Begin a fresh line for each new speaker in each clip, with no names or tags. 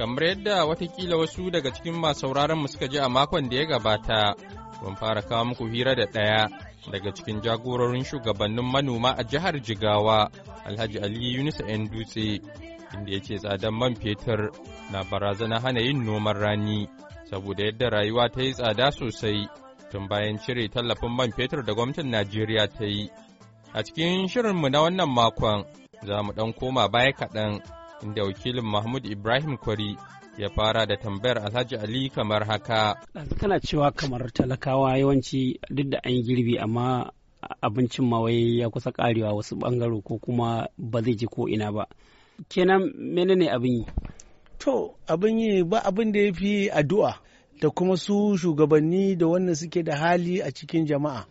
Kamar yadda watakila wasu daga cikin masu mu suka ji a makon da ya gabata, mun fara kawo muku hira da ɗaya daga cikin jagororin shugabannin manoma a jihar Jigawa, Alhaji Ali Yunusa 'yan dutse, inda ya ce tsadan man fetur na barazana hana yin noman rani, saboda yadda rayuwa ta yi tsada sosai tun bayan cire tallafin man fetur da gwamnatin Najeriya ta yi. A cikin shirinmu na wannan makon, za mu ɗan koma baya kaɗan. inda wakilin Mahmud Ibrahim Kwari ya fara da tambayar Alhaji Ali kamar haka.
Kana cewa kamar talakawa yawanci duk da an girbi amma abincin mawai ya kusa karewa wasu bangaro ko kuma ba zai je ko ina ba. Kenan menene
abin yi? To abin yi ba abin da ya fi addu'a da kuma su shugabanni da wannan suke da hali a cikin jama'a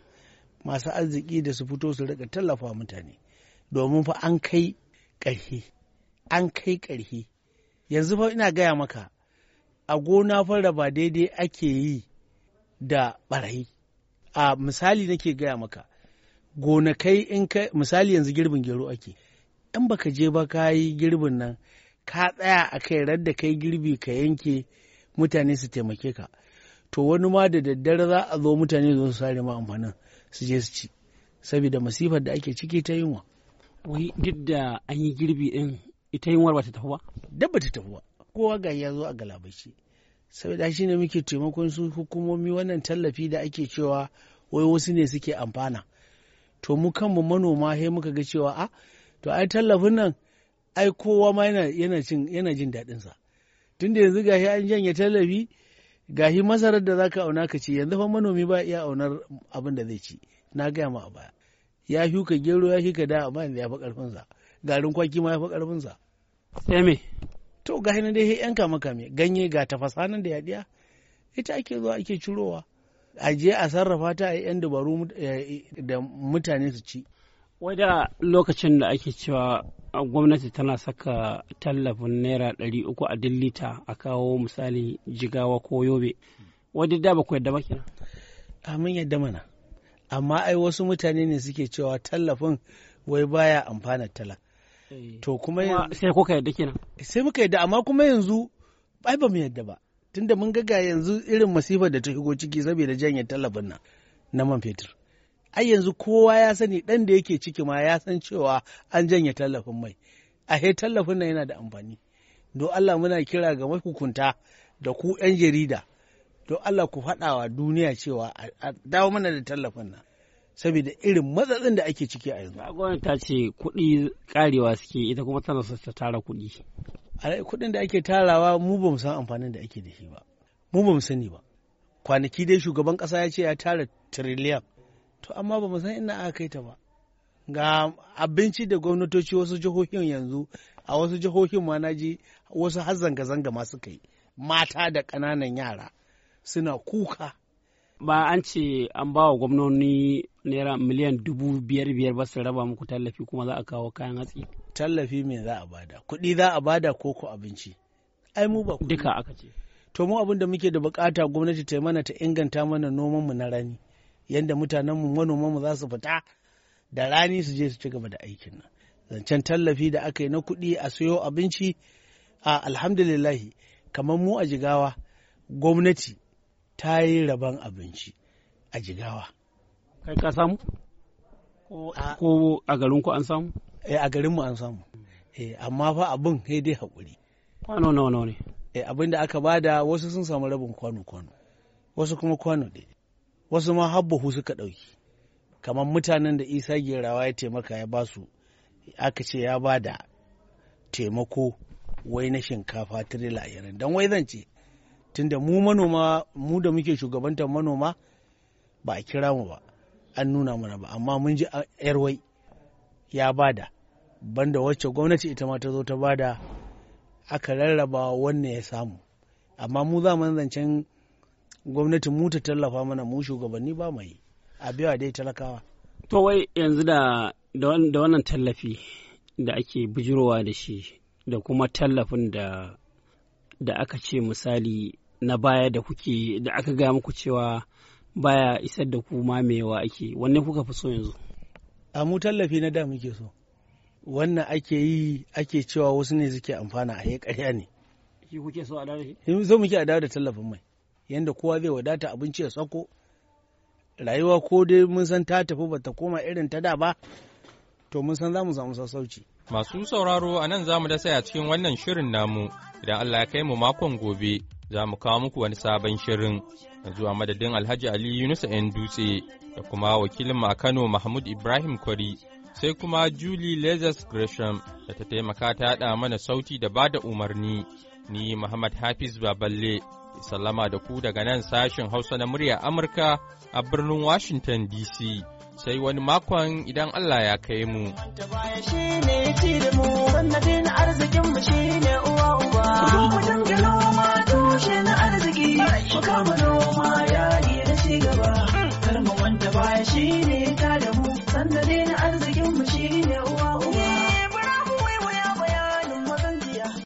masu arziki da su fito su rika tallafa mutane domin fa an kai ƙarfi an kai ƙarhi yanzu fa ina gaya maka a gona fara ba daidai ake yi da barayi a misali nake gaya maka gonakai in ka misali yanzu girbin gero ake in baka je ba ka yi girbin nan ka tsaya a kai radda kai girbi ka yanke mutane su taimake ka to wani ma da daddare za a zo mutane zo su sare ma amfanin su je su ci saboda masifar da ake ciki ta yunwa wai duk da an yi girbi din ita yin warwa ta tafi ba Dabba ta tafi ba kowa ga ya zo a galabashi. saboda shi ne muke taimakon su hukumomi wannan tallafi da ake cewa wai wasu ne suke amfana to mu kanmu manoma he muka ga cewa a ah, to ai tallafin nan ai kowa ma yana cin yana jin daɗin sa tunda yanzu gashi an janye tallafi gashi masarar da zaka auna ka ci yanzu fa manomi ba iya aunar abin da zai ci na gaya ma a baya ya shuka gero ya shuka da amma yanzu ya fi karfin sa garin kwaki ma ya fi ƙarfinsa. Sai me? To ga na dai yan kama kame ganye ga tafasa nan da yaɗiya ita ake zuwa ake cirowa a je a sarrafa ta a yan dabaru eh, eh, da mutane su ci.
Wada lokacin da ake cewa gwamnati tana saka tallafin naira ɗari uku a dillita a kawo misali jigawa ko yobe wadda da
ba ku yadda ba kenan. mun yadda mana. amma ai wasu mutane ne suke cewa tallafin wai baya amfana talaka Eh. to kuma sai kuka yadda kenan sai muka yadda amma kuma yanzu ai ba mu yadda ba tunda mun ga yanzu irin masifar da ta shigo ciki saboda janye tallafin nan na man fetur ai yanzu kowa ya sani dan da yake ciki ma ya san cewa an janye tallafin mai a he tallafin nan yana da amfani do Allah muna kira ga mahukunta da ku 'yan jarida do Allah ku faɗawa duniya cewa a dawo mana da tallafin nan saboda irin matsatsin da ake ciki a yanzu. Gwamnati
ta ce kuɗi karewa suke ita kuma tana so ta tara kuɗi.
Kuɗin da ake tarawa mu ba mu san amfanin da ake da shi ba. Mu ba mu sani ba. Kwanaki dai shugaban ƙasa ya ce ya tara tiriliyan. To amma ba mu san ina aka kai ta ba. Ga abinci da gwamnatoci wasu jihohin yanzu a wasu jihohin ma na ji wasu har zanga-zanga ma suka Mata da ƙananan yara suna kuka.
Ba an ce an ba wa gwamnoni naira miliyan dubu biyar biyar
ba su raba muku tallafi kuma za a kawo kayan hatsi tallafi me za a bada kuɗi za a bada ko ko abinci ai mu ba duka aka ce to mu abin da muke da bukata gwamnati ta mana ta inganta mana noman mu na rani yanda mutanen mu manoman mu za su fita da rani su je su ci gaba da aikin nan zancen tallafi da aka yi na kuɗi a sayo abinci a alhamdulillahi kamar mu a jigawa gwamnati ta yi rabon abinci a jigawa kai ka samu ko a garin ku an samu eh a garin mu an samu eh amma fa abin sai dai hakuri kwano nawa nawa ne eh abin da aka bada wasu sun samu rabin kwano kwano wasu kuma kwano ne. wasu ma hu suka ɗauki kamar mutanen da isa gerawa ya taimaka ya basu aka ce ya ba da taimako wai na shinkafa tirela ashirin don wai zan ce tunda mu manoma mu da muke shugabantar manoma ba a kira mu ba an nuna mana ba amma mun ji ah, wai ya bada banda wacce gwamnati ita ma ta zo ta bada aka rarraba wannan ya samu amma mu za mu zancen gwamnati mu ta tallafa mana mu shugabanni ba mai a dai talakawa
to wai yanzu da da wannan tallafi da ake bujirowa da shi da kuma tallafin da da aka ce misali na baya da kuke da aka gaya muku cewa baya isar da ku mamewa ake wanne kuka fi so yanzu a
mu tallafi na da muke so wannan ake yi ake cewa wasu ne suke amfana a ƙarya ne
shi kuke so a dawo
shi so muke a dawo da tallafin mai yanda kowa zai wadata abinci ya sako rayuwa ko dai mun san ta tafi ba ta koma irin ta da ba to mun san za mu samu sassauci
masu sauraro a nan za mu dasa a cikin wannan shirin namu idan Allah ya kai mu makon gobe za mu kawo muku wani sabon shirin yanzu a madadin alhaji ali yunusa yan dutse da kuma wakilin a kano mahmud ibrahim kwari sai kuma julie lazarus gresham da ta taimaka ta haɗa mana sauti da ba da umarni ni muhammad hafiz baballe sallama da ku daga nan sashen hausa na murya amurka a birnin washington dc sai wani makon idan allah ya kai mu
arzikin mu ci gaba kar mu wanda baya ne ta da mu sanda